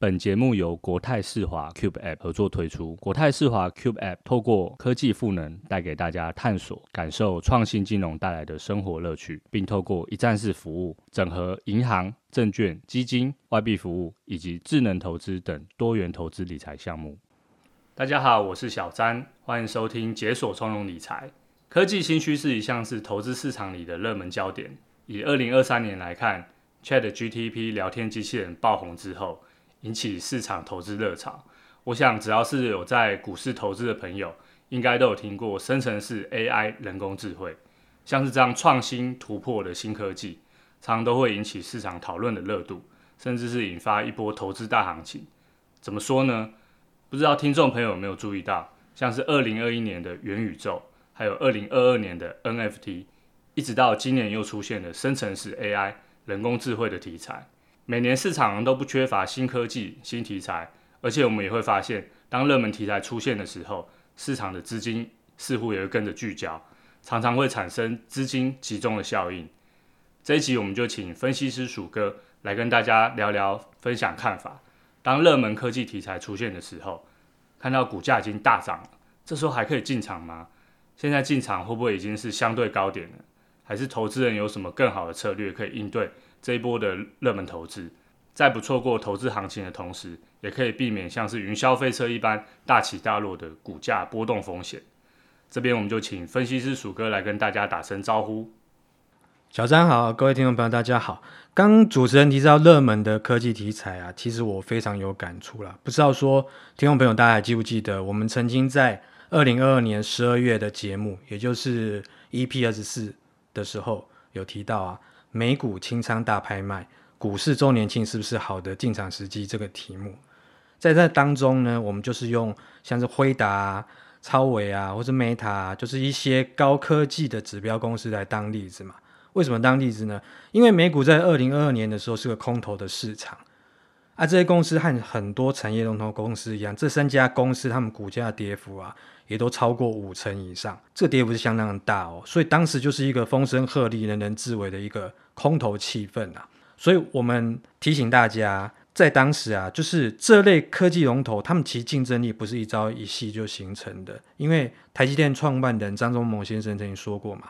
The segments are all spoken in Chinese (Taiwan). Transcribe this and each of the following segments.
本節目由國泰世華 Cube App 合作推出。國泰世華 Cube App 透過科技賦能，帶給大家探索、感受創新金融帶來的生活樂趣，並透過一站式服務整合銀行、證券、基金、外幣服務以及智能投資等多元投資理財項目。大家好，我是小詹，歡迎收聽解鎖從容理財。科技新趨勢一向是投資市場裡的熱門焦點。以二零二三年來看，ChatGPT 聊天機器人爆紅之後，引起市場投資熱潮。我想，只要是有在股市投資的朋友，應該都有聽過生成式 AI 人工智慧。像是這樣創新突破的新科技，常常都會引起市場討論的熱度，甚至是引發一波投資大行情。怎麼說呢？不知道聽眾朋友有沒有注意到，像是二零二一年的元宇宙，還有二零二二年的 NFT，一直到今年又出現了生成式 AI 人工智慧的題材。每年市場都不缺乏新科技、新題材，而且我們也會發現，當熱門題材出現的時候，市場的資金似乎也會跟着聚焦，常常會產生資金集中的效應。這一集我們就請分析師薯哥來跟大家聊聊、分享看法。當熱門科技題材出現的時候，看到股價已經大漲了，這時候還可以進場嗎？現在進場會不會已經是相對高點了？還是投資人有什麼更好的策略可以應對？這一波的熱門投資，在不錯過投資行情的同時，也可以避免像是雲霄飛車一般大起大落的股價波動風險。這邊我們就請分析師薯哥來跟大家打聲招呼。小詹好，各位聽眾朋友大家好。剛主持人提到熱門的科技題材啊，其實我非常有感觸啦。不知道說聽眾朋友大家還記不記得，我們曾經在二零二二年十二月的節目，也就是 EP 二十四的時候有提到啊。美股清倉大拍賣，股市周年慶是不是好的進場時機？這個題目，在這當中呢，我們就是用像是輝達啊、超微啊，或是 Meta 啊，就是一些高科技的指標公司來當例子嘛。為什麼當例子呢？因為美股在二零二二年的時候是個空頭的市場。啊，這些公司和很多產業龍頭公司一樣，這三家公司他們股價跌幅啊，也都超過五成以上，這個跌幅是相當的大哦。所以當時就是一個風聲鶴唳、人人自危的一個空頭氣氛啊。所以我們提醒大家，在當時啊，就是這類科技龍頭，他們其實競爭力不是一朝一夕就形成的，因為台積電創辦人張忠謀先生曾經說過嘛。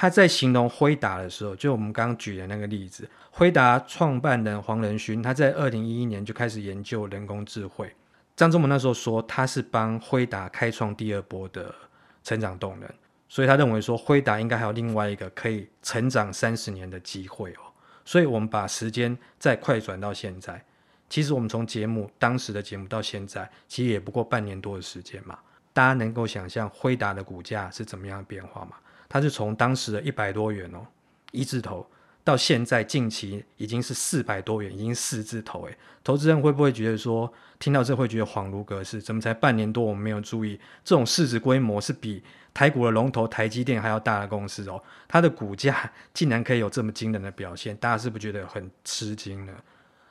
他在形容輝達的時候，就我們剛剛舉的那個例子，輝達創辦人黃仁勳，他在二零一一年就開始研究人工智慧。張忠謀那時候說，他是幫輝達開創第二波的成長動能，所以他認為說輝達應該還有另外一個可以成長三十年的機會哦。所以我們把時間再快轉到現在，其實我們從節目當時的節目到現在，其實也不過半年多的時間嘛。大家能夠想象輝達的股價是怎麼樣的變化嗎？它是從當時的一百多元哦，一字頭，到現在近期已經是四百多元，已經四字頭。哎，投資人會不會覺得說，聽到這會覺得恍如隔世？怎麼才半年多，我們沒有注意這種市值規模是比台股的龍頭台積電還要大的公司哦，它的股價竟然可以有這麼驚人的表現，大家是不是覺得很吃驚呢？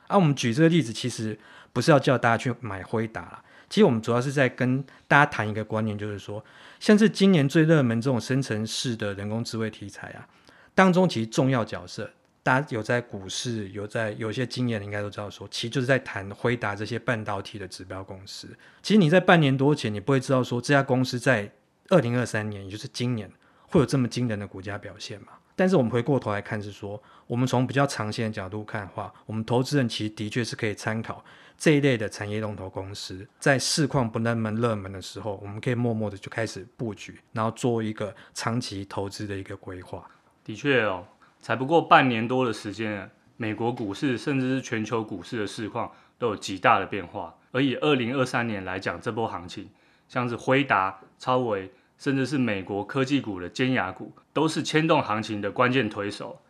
啊，我們舉這個例子，其實不是要叫大家去買輝達啦。其實我們主要是在跟大家談一個觀念，就是說，像是今年最熱門這種生成式的人工智慧題材啊，當中其實重要角色，大家有在股市有在有些經驗應該都知道，說其實就是在談回答這些半導體的指標公司。其實你在半年多前，你不會知道說這家公司在二零二三年，也就是今年會有這麼驚人的股價表現嘛。但是我們回過頭來看，是說我們從比較長線的角度看的話，我們投資人其實的確是可以參考。這一類的產業龍頭公司在市況不那麼熱門的時候，我們可以默默的就開始布局，然後做一個長期投資的一個規劃。的確哦，才不過半年多的時間，美國股市甚至是全球股市的市況都有極大的變化。而以二零二三年來講，這波行情，像是輝達、超微，甚至是美國科技股的尖牙股，都是牽動行情的關鍵推手。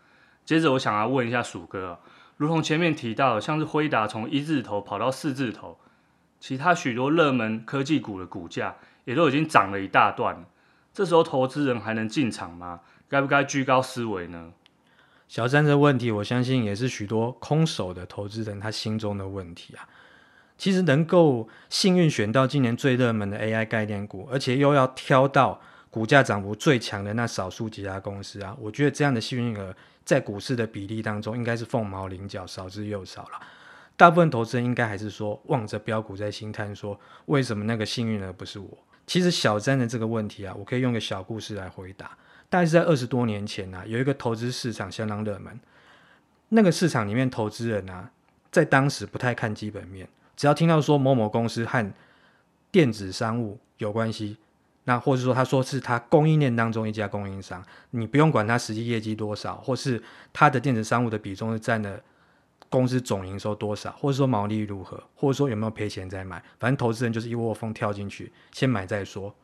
接着我想要問一下薯哥、哦如同前面提到，像是輝達從一字頭跑到四字頭，其他許多熱門科技股的股價也都已經漲了一大段。這時候投資人還能進場嗎？該不該居高思危呢？小詹的問題，我相信也是許多空手的投資人他心中的問題啊。其實能夠幸運選到今年最熱門的 AI 概念股，而且又要挑到股價漲幅最強的那少數幾家公司啊，我覺得這樣的幸運兒。在股市的比例當中，應該是鳳毛麟角，少之又少了。大部分投資人應該還是說，望着標股在興嘆，說，為什麼那個幸運兒不是我？其實小詹的這個問題啊，我可以用個小故事來回答。大概是在二十多年前啊，有一個投資市場相當熱門，那個市場裡面投資人啊，在當時不太看基本面，只要聽到說某某公司和電子商務有關係，那或者說，他說是他供應鏈當中一家供應商，你不用管他實際業績多少，或是他的電子商務的比重是占了公司總營收多少，或者說毛利如何，或者說有沒有賠錢再買，反正投資人就是一窩蜂跳進去，先買再說。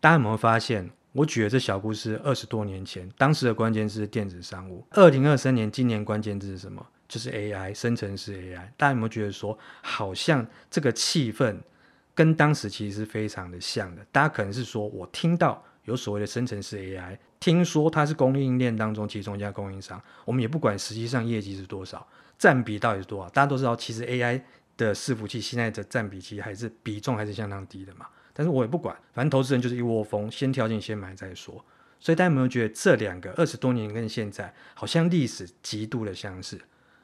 大家有沒有發現，我舉的這小故事二十多年前，當時的關鍵是電子商務；二零二三年今年關鍵是什麼？就是 AI 生成式 AI。大家有沒有覺得說，好像這個氣氛？跟當時其實是非常的像的，大家可能是說，我聽到有所謂的生成式 AI，聽說它是供應鏈當中其中一家供應商，我們也不管實際上業績是多少，占比到底是多少，大家都知道其實 AI 的伺服器現在的占比其實還是比重還是相當低的嘛，但是我也不管，反正投資人就是一窩蜂，先跳進先買再說，所以大家有沒有覺得這兩個二十多年跟現在好像歷史極度的相似？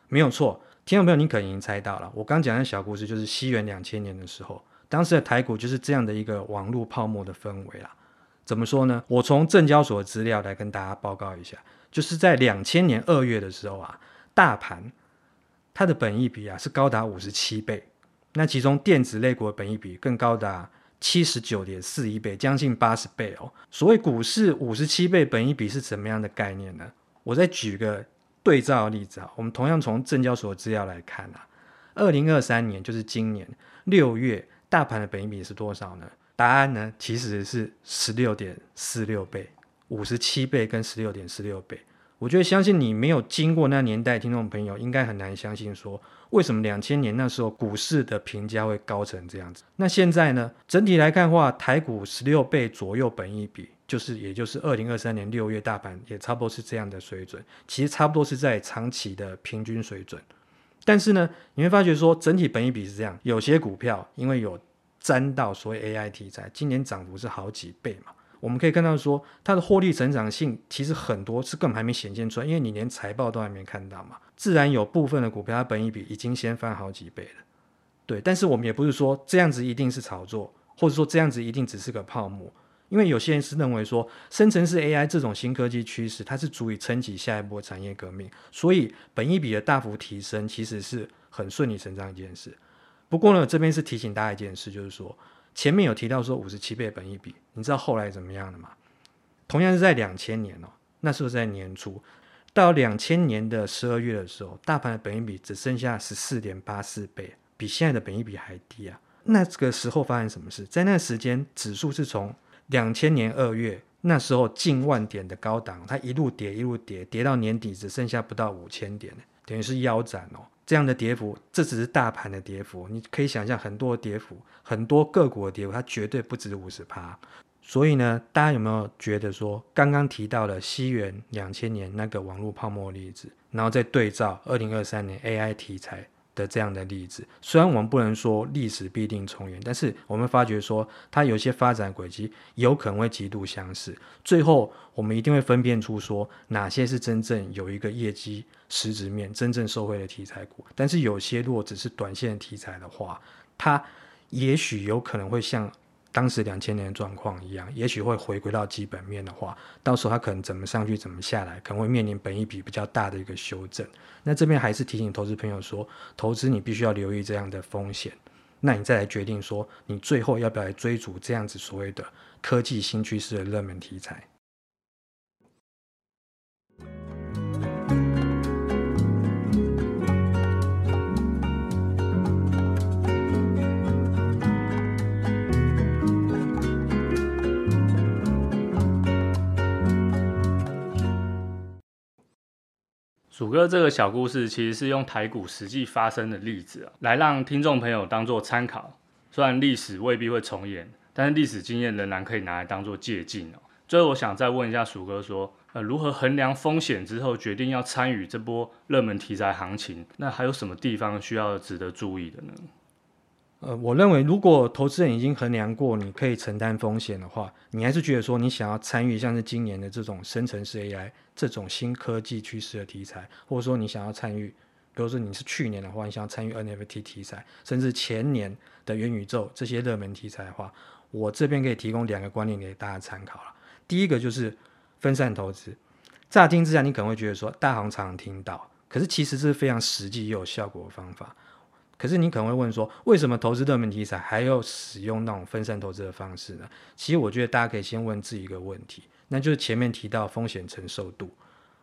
沒有錯，聽眾朋友，你可能已經猜到了，我剛講的小故事就是西元兩千年的時候。當時的台股就是這樣的一個網絡泡沫的氛圍啦、啊。怎麼說呢？我從證交所資料來跟大家報告一下，就是在兩千年二月的時候啊，大盤它的本益比啊是高達五十七倍，那其中電子類股的本益比更高達七十九點四一倍，將近八十倍哦。所謂股市五十七倍本益比是怎麼樣的概念呢？我再舉個對照的例子啊，我們同樣從證交所資料來看啊，二零二三年就是今年六月。大盤的本益比是多少呢？答案呢，其實是十六點四六倍，五十七倍跟十六點四六倍。我覺得相信你沒有經過那年代，聽眾朋友應該很難相信說，為什麼兩千年那時候股市的評價會高成這樣子？那現在呢，整體來看的話，台股十六倍左右本益比，就是也就是二零二三年六月大盤也差不多是這樣的水準，其實差不多是在長期的平均水準。但是呢，你會發覺說整體本益比是這樣，有些股票因為有沾到所謂 AI 題材，今年漲幅是好幾倍嘛。我們可以看到說它的獲利成長性其實很多是根本還沒顯現出來，因為你連財報都還沒看到嘛。自然有部分的股票它本益比已經先翻好幾倍了，對。但是我們也不是說這樣子一定是炒作，或者說這樣子一定只是個泡沫。因為有些人是認為說，生成式 AI 這種新科技趨勢，它是足以撐起下一波產業革命，所以本益比的大幅提升，其實是很順理成章一件事。不過呢，這邊是提醒大家一件事，就是說前面有提到說五十七倍本益比，你知道後來怎麼樣了嗎？同樣是在兩千年哦，那時候是在年初到兩千年的十二月的時候，大盤的本益比只剩下十四點八四倍，比現在的本益比還低啊。那個時候發生什麼事？在那時間，指數是從兩千年二月那時候近萬點的高檔，它一路跌一路跌，跌到年底只剩下不到五千點，等於是腰斬哦。這樣的跌幅，這只是大盤的跌幅，你可以想象，很多的跌幅，很多個股的跌幅，它絕對不止五十趴。所以呢，大家有沒有覺得說，剛剛提到了西元兩千年那個網絡泡沫例子，然後再對照二零二三年 AI 題材？的這樣的例子，雖然我們不能說歷史必定重演，但是我們發覺說它有些發展軌跡有可能會極度相似。最後，我們一定會分辨出說哪些是真正有一個業績實質面真正受惠的題材股，但是有些如果只是短線的題材的話，它也許有可能會像當時兩千年的狀況一樣，也許會回歸到基本面的話，到時候它可能怎麼上去怎麼下來，可能會面臨本益比比較大的一個修正。那這邊還是提醒投資朋友說，投資你必須要留意這樣的風險，那你再來決定說，你最後要不要來追逐這樣子所謂的科技新趨勢的熱門題材。鼠哥這個小故事，其實是用台股實際發生的例子啊、喔，來讓聽眾朋友當做參考。雖然歷史未必會重演，但是歷史經驗仍然可以拿來當做借鏡哦、喔。所以，我想再問一下鼠哥說，呃，如何衡量風險之後，決定要參與這波熱門題材行情？那還有什麼地方需要值得注意的呢？呃，我認為如果投資人已經衡量過你可以承擔風險的話，你還是覺得說你想要參與像是今年的這種生成式 AI 這種新科技趨勢的題材，或者說你想要參與，比如說你是去年的話，你想要參與 NFT 題材，甚至前年的元宇宙這些熱門題材的話，我這邊可以提供兩個觀念給大家參考了。第一個就是分散投資，乍聽之下你可能會覺得說大行常常聽到，可是其實是非常實際又有效果的方法。可是你可能會問說，為什麼投資熱門題材還要使用那種分散投資的方式呢？其實我覺得大家可以先問自己一個問題，那就是前面提到的風險承受度。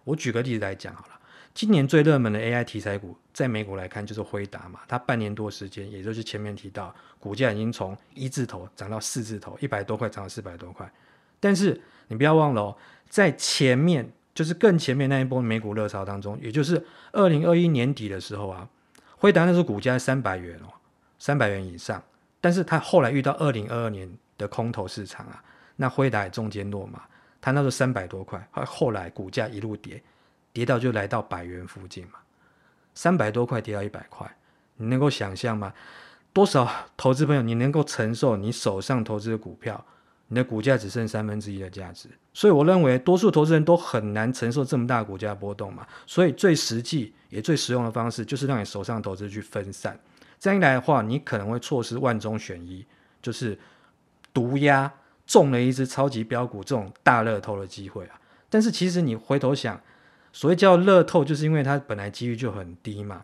我舉個例子來講好了，今年最熱門的 AI 題材股，在美股來看就是輝達嘛，它半年多時間，也就是前面提到股價已經從一字頭漲到四字頭，一百多塊漲到四百多塊。但是你不要忘了哦，在前面就是更前面那一波美股熱潮當中，也就是二零二一年底的時候啊。輝達那時候股價三百元哦，三百元以上，但是他後來遇到二零二二年的空頭市場啊，那輝達也中間落馬，他那時候三百多塊，後來股價一路跌，跌到就來到百元附近嘛，三百多塊跌到一百塊，你能夠想像嗎？多少投資朋友你能夠承受你手上投資的股票？你的股價只剩三分之一的價值，所以我認為多數投資人都很難承受這麼大股價波動嘛。所以最實際也最實用的方式，就是讓你手上的投資去分散。這樣一來的話，你可能會錯失萬中選一，就是獨押中了一支超級飆股這種大樂透的機會啊。但是其實你回頭想，所謂叫樂透，就是因為它本來幾率就很低嘛。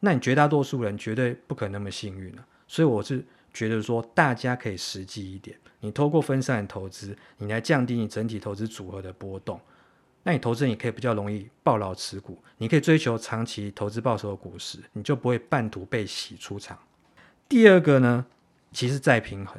那你絕大多數人絕對不可能那麼幸運了。所以我是，覺得說，大家可以實際一點，你透過分散投資，你來降低你整體投資組合的波動。那你投資人也可以比較容易抱牢持股，你可以追求長期投資報酬的股市，你就不會半途被洗出場。第二個呢，其實再平衡，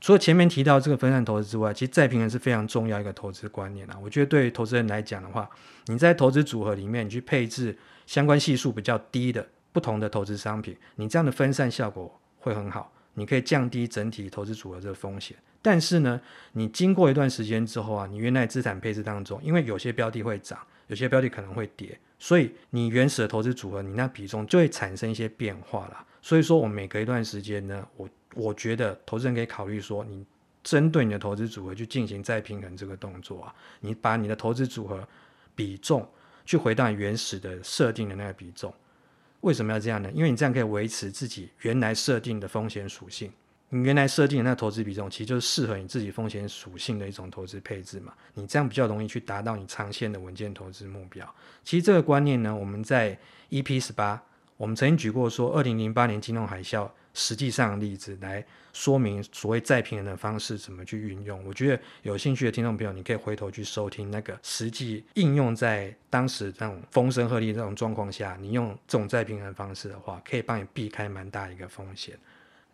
除了前面提到這個分散投資之外，其實再平衡是非常重要一個投資觀念啊。我覺得對於投資人來講的話，你在投資組合裡面，你去配置相關係數比較低的不同的投資商品，你這樣的分散效果會很好。你可以降低整體投資組合這個風險，但是呢，你經過一段時間之後啊，你原來資產配置當中，因為有些標的會漲，有些標的可能會跌，所以你原始的投資組合，你那比重就會產生一些變化了。所以說，我們每隔一段時間呢，我我覺得投資人可以考慮說，你針對你的投資組合去進行再平衡這個動作啊，你把你的投資組合比重去回到你原始的設定的那個比重。為什麼要這樣呢？因為你這樣可以維持自己原來設定的風險屬性，你原來設定的那投資比重，其實就是適合你自己風險屬性的一種投資配置嘛。你這樣比較容易去達到你長線的穩健投資目標。其實這個觀念呢，我們在 EP 十八，我們曾經舉過說，二零零八年金融海嘯。實際上例子來說明所謂再平衡的方式怎麼去運用。我覺得有興趣的聽眾朋友，你可以回頭去收聽那個實際應用，在當時這種風聲鶴唳這種狀況下，你用這種再平衡方式的話，可以幫你避開蠻大一個風險。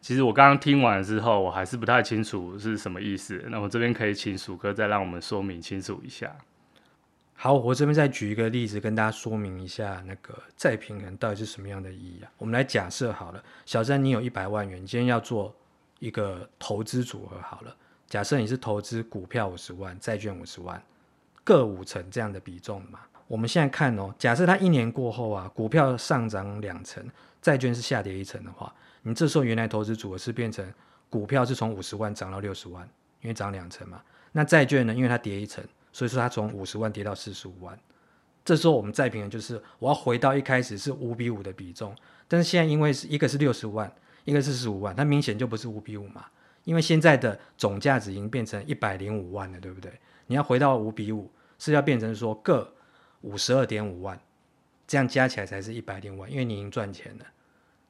其實我剛剛聽完之後，我還是不太清楚是什麼意思。那我這邊可以請薯哥再讓我們說明清楚一下。好，我這邊再舉一個例子跟大家說明一下，那個再平衡到底是什麼樣的意義啊？我們來假設好了，小詹，你有一百萬元，你今天要做一個投資組合好了。假設你是投資股票五十萬，債券五十萬，各五成這樣的比重嘛。我們現在看哦，假設它一年過後啊，股票上漲兩成，債券是下跌一成的話，你這時候原來投資組合是變成股票是從五十萬漲到六十萬，因為漲兩成嘛。那債券呢，因為它跌一成。所以說它從五十萬跌到四十五萬，這時候我們再平衡就是我要回到一開始是五比五的比重，但是現在因為是一個是六十萬，一個是四十五萬，它明顯就不是五比五嘛，因為現在的總價值已經變成一百零五萬了，對不對？你要回到五比五是要變成說各五十二點五萬，這樣加起來才是一百零五萬，因為你已經賺錢了，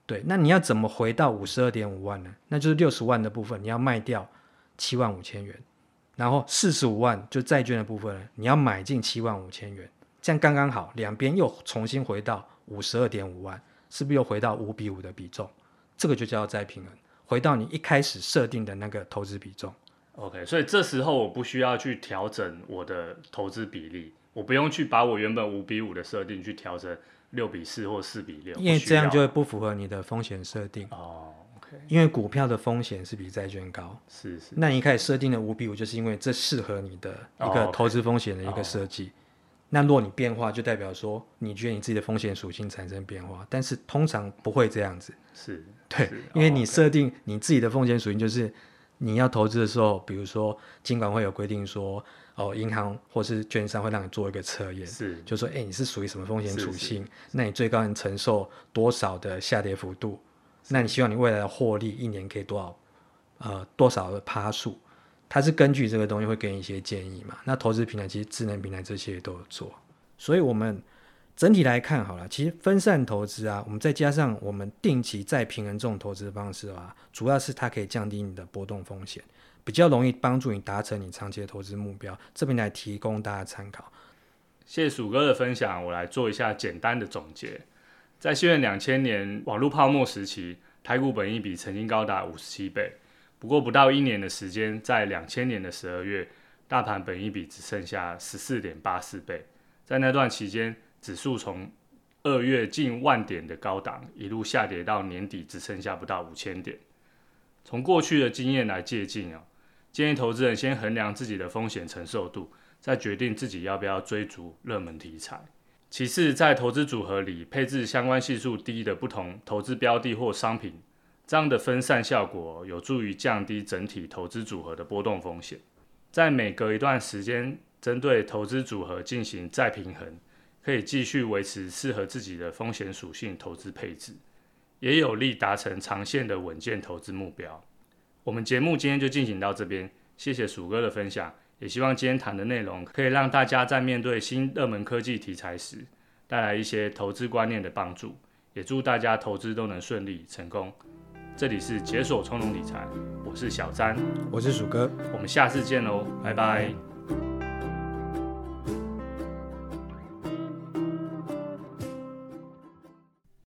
對，那你要怎麼回到五十二點五萬呢？那就是六十萬的部分你要賣掉七萬五千元。然後四十五萬就債券的部分呢，你要買進七萬五千元，這樣剛剛好，兩邊又重新回到五十二點五萬，是不是又回到五比五的比重？這個就叫做再平衡，回到你一開始設定的那個投資比重。OK，所以這時候我不需要去調整我的投資比例，我不用去把我原本五比五的設定去調整六比四或四比六，因為這樣就會不符合你的風險設定。哦。因為股票的風險是比債券高，是是，是。那你一開始設定的五比五，就是因為這適合你的一個投資風險的一個設計。Oh, okay. oh. 那若你變化，就代表說你覺得你自己的風險屬性產生變化，但是通常不會這樣子。是，是，對，oh, okay. 因為你設定你自己的風險屬性，就是你要投資的時候，比如說，金管會有規定說，哦，銀行或是券商會讓你做一個測驗，是，就說，哎、欸，你是屬於什麼風險屬性？是是是，那你最高能承受多少的下跌幅度？那你希望你未來的獲利一年可以多少？呃，多少趴數？它是根據這個東西會給你一些建議嘛？那投資平台其實智能平台這些都有做，所以我們整體來看好了，其實分散投資啊，我們再加上我們定期再平衡這種投資方式的話啊，主要是它可以降低你的波動風險，比較容易幫助你達成你長期的投資目標。這邊來提供大家參考。謝謝薯哥的分享，我來做一下簡單的總結。在西元兩千年網絡泡沫時期，台股本益比曾經高達五十七倍，不過不到一年的時間，在兩千年的十二月，大盤本益比只剩下十四點八四倍。在那段期間，指數從二月近萬點的高檔一路下跌到年底只剩下不到五千點。從過去的經驗來借鑒啊，建議投資人先衡量自己的風險承受度，再決定自己要不要追逐熱門題材。其次，在投資組合裡配置相關係數低的不同投資標的或商品，這樣的分散效果有助於降低整體投資組合的波動風險。在每隔一段時間針對投資組合進行再平衡，可以繼續維持適合自己的風險屬性投資配置，也有利達成長線的穩健投資目標。我們節目今天就進行到這邊，謝謝薯哥的分享。也希望今天談的內容可以讓大家在面對新熱門科技題材時，帶來一些投資觀念的幫助。也祝大家投資都能順利成功。這裡是解鎖從容理財，我是小詹，我是薯哥，我們下次見嘍，拜拜。